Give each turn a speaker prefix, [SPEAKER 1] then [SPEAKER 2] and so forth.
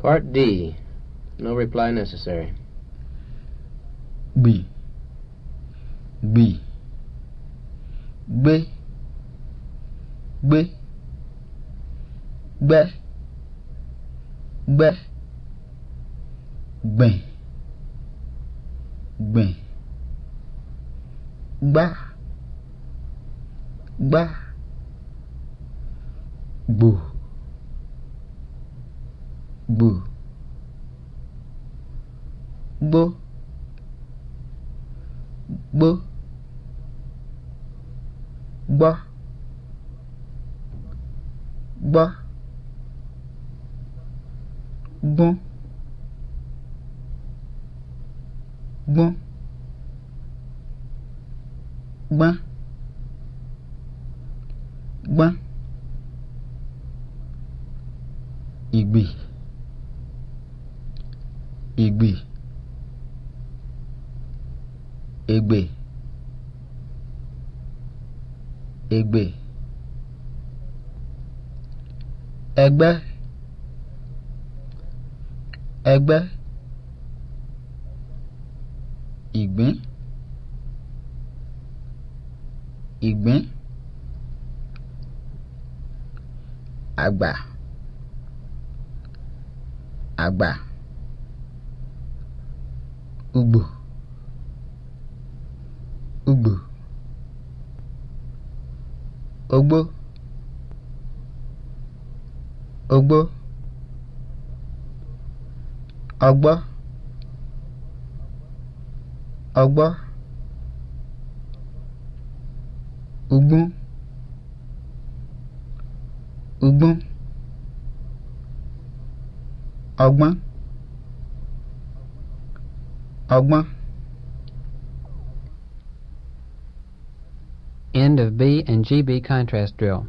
[SPEAKER 1] Part D. No reply necessary. B. B. B. B. B. B. B. B. B. B. B. gbò gbó gbó gbọ́ gbọ́ gbọ́n gbọ́n gbọ́n gbọ́n ìgbì ìgbì egbe, egbe, ẹgbẹ́ ẹgbẹ́ ìgbín ìgbín àgbà àgbà. ugbo, ugbo, ogbo ogbo agba, agba, ugbu ugbu agba. ọgbọ́n. End of B and GB contrast drill.